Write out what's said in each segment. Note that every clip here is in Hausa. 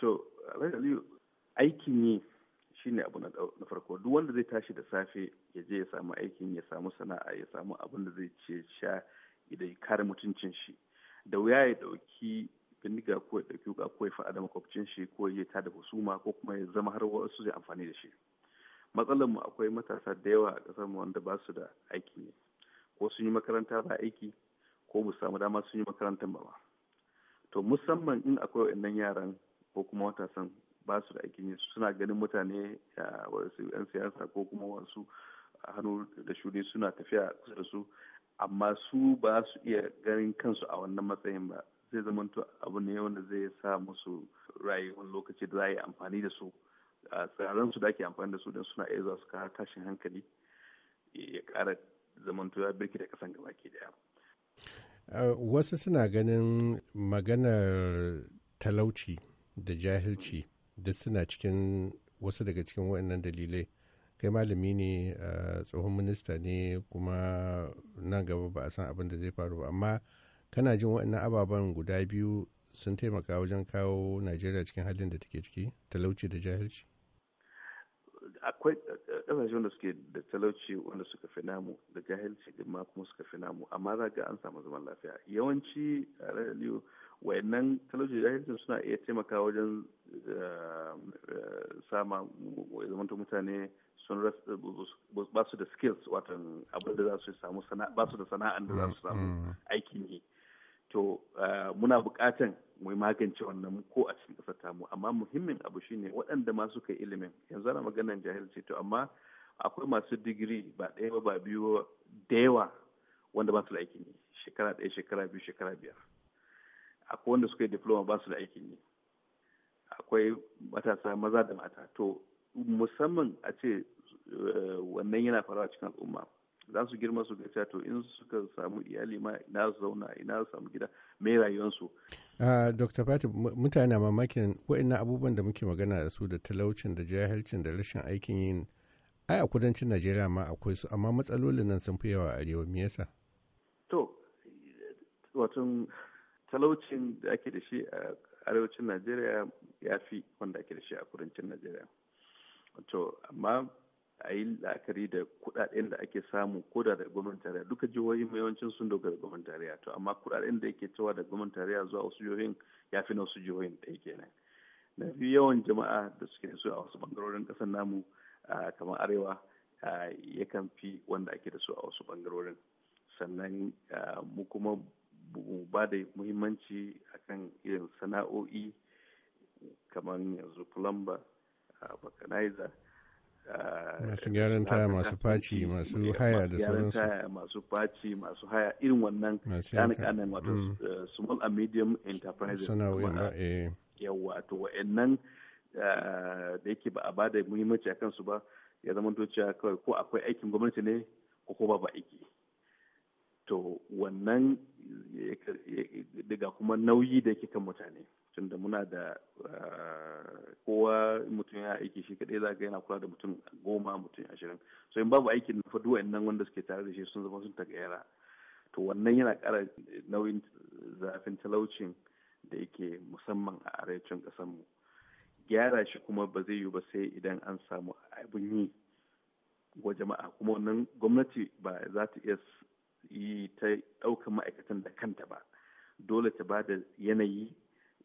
To, Aliyu, aikin yi shi ne abu na farko. Duk wanda zai tashi da safe ya je ya samu aikin ya samu sana'a ya samu abin da zai ce sha da kare mutuncin shi. Da wuya ya ɗauki bindiga ko ya ɗauki wuka ko ya fada da makwabcin shi ko ya tada husuma ko kuma ya zama har wasu zai amfani da shi. Matsalar mu akwai matasa da yawa a kasar mu wanda ba da aikin yi Ko sun yi makaranta ba aiki ko mu samu dama sun yi makarantar ba. To musamman in akwai waɗannan yaran ko kuma matasan ba su da aikin yi suna ganin mutane a wasu 'yan siyasa ko kuma wasu hannu da shuni suna tafiya kusa da su amma su ba su iya ganin kansu a wannan matsayin ba zai zamanta abu ne wanda zai sa musu wani lokaci da za a yi amfani da su a tsararren su da ake amfani da su don suna iya zuwa su kara tashin hankali ya kara zamanto ya birki da kasan gaba ke daya. wasu suna ganin maganar talauci da jahilci duk suna cikin wasu daga cikin waɗannan dalilai kai malami ne tsohon minista ne kuma nan gaba ba a san abin da zai faru ba amma kana jin waɗannan ababen guda biyu sun taimaka wajen kawo najeriya cikin halin da take ciki talauci da jahilci akwai ƙasashen da suke da talauci wanda suka fi namu da jahilci kuma suka fi namu amma za ga an samu zaman lafiya yawanci a wayannan talauci da jahilcin suna iya taimaka wajen eh, sama zamantar mutane sun ba su da skills watan abin da za su samu ba su da sana'an da za su samu mm-hmm. aikin yi to eh, muna bukatan mu magance wannan ko a cikin ƙasar tamu amma muhimmin abu shine waɗanda ma suka yi ilimin yanzu ana maganar jahilci to amma akwai masu digiri ba ɗaya ba ba biyu da yawa wanda ba su da aikin yi shekara ɗaya shekara biyu shekara biyar akwai wanda suka yi diploma ba su da aikin yi akwai matasa maza da mata to musamman a ce eh, wannan yana faruwa cikin al'umma za su girma su ga to in suka samu iyali ma ina su zauna ina su samu gida me rayuwarsu. Ah, dr fati mutane mamakin na abubuwan da muke magana da su da talaucin da jahilcin da rashin aikin yin ai a kudancin najeriya ma akwai su amma matsalolin nan sun fi yawa a arewa me yasa to watan talaucin da ake da shi a arewacin najeriya ya fi wanda ake da shi a kudancin najeriya wato amma a yi la'akari da kudaden da ake samu ko da da gwamnatin tarayya duka jihohi mai yawancin sun dogara da gwamnatin tarayya to amma kudaden da yake cewa da gwamnatin tarayya zuwa wasu jihohin ya fi na wasu jihohin da yake nan na biyu yawan jama'a da suke da su a wasu bangarorin kasar namu kamar arewa yakan fi wanda ake da su a wasu bangarorin sannan mu kuma ba da muhimmanci akan irin sana'o'i kamar yanzu plumber vulcanizer masu gyaran taya masu faci masu haya da sauransu masu faci masu haya irin wannan kanan wato mm. eh, small and medium enterprises eh. yawa to wa'annan eh, da yake ba a ba da muhimmanci a kansu ba ya zama cewa kawai ko akwai aikin gwamnati ne ko ba ba aiki to wannan daga kuma nauyi da yake kan mutane tunda muna da eh, kowa mutum ya aiki shi kadai za ga yana kula da mutum goma mutum ashirin so in babu aikin na faduwa nan wanda suke tare da shi sun zama sun tagayyara to wannan yana kara nauyin zafin talaucin da yake musamman a arewacin mu gyara shi kuma ba zai yiwu ba sai idan an samu abin yi wa jama'a kuma wannan gwamnati ba za ta iya ta ɗaukar ma'aikatan da kanta ba dole ta ba da yanayi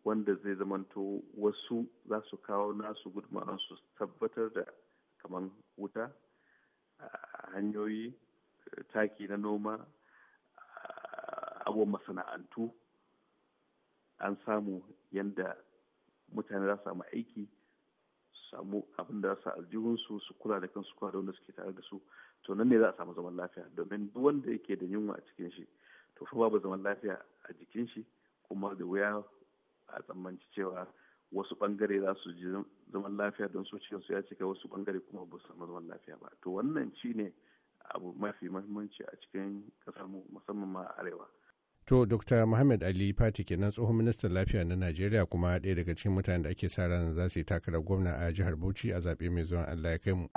wanda zai zamanto wasu za su kawo nasu gudunmawar su tabbatar da kamar wuta hanyoyi taki na noma abubuwan masana'antu an samu yadda mutane za su samu aiki samu abin da su aljihunsu su kula da kansu kula da wanda suke tare da su to nan ne za a samu zaman lafiya domin duk wanda yake da yunwa a cikin shi to fa babu zaman lafiya a jikin shi kuma da wuya a tsammanci cewa wasu bangare za su ji zaman lafiya don su cikin su ya cika wasu bangare kuma ba su samu zaman lafiya ba to wannan shi ne abu mafi mahimmanci a cikin kasar mu musamman ma arewa To, Dr. Muhammad Ali Fati kenan tsohon ministan lafiya na Najeriya kuma ɗaya daga cikin mutanen da ake sa ran za su yi takarar gwamna a jihar Bauchi a zaɓe mai zuwan Allah ya kai mu.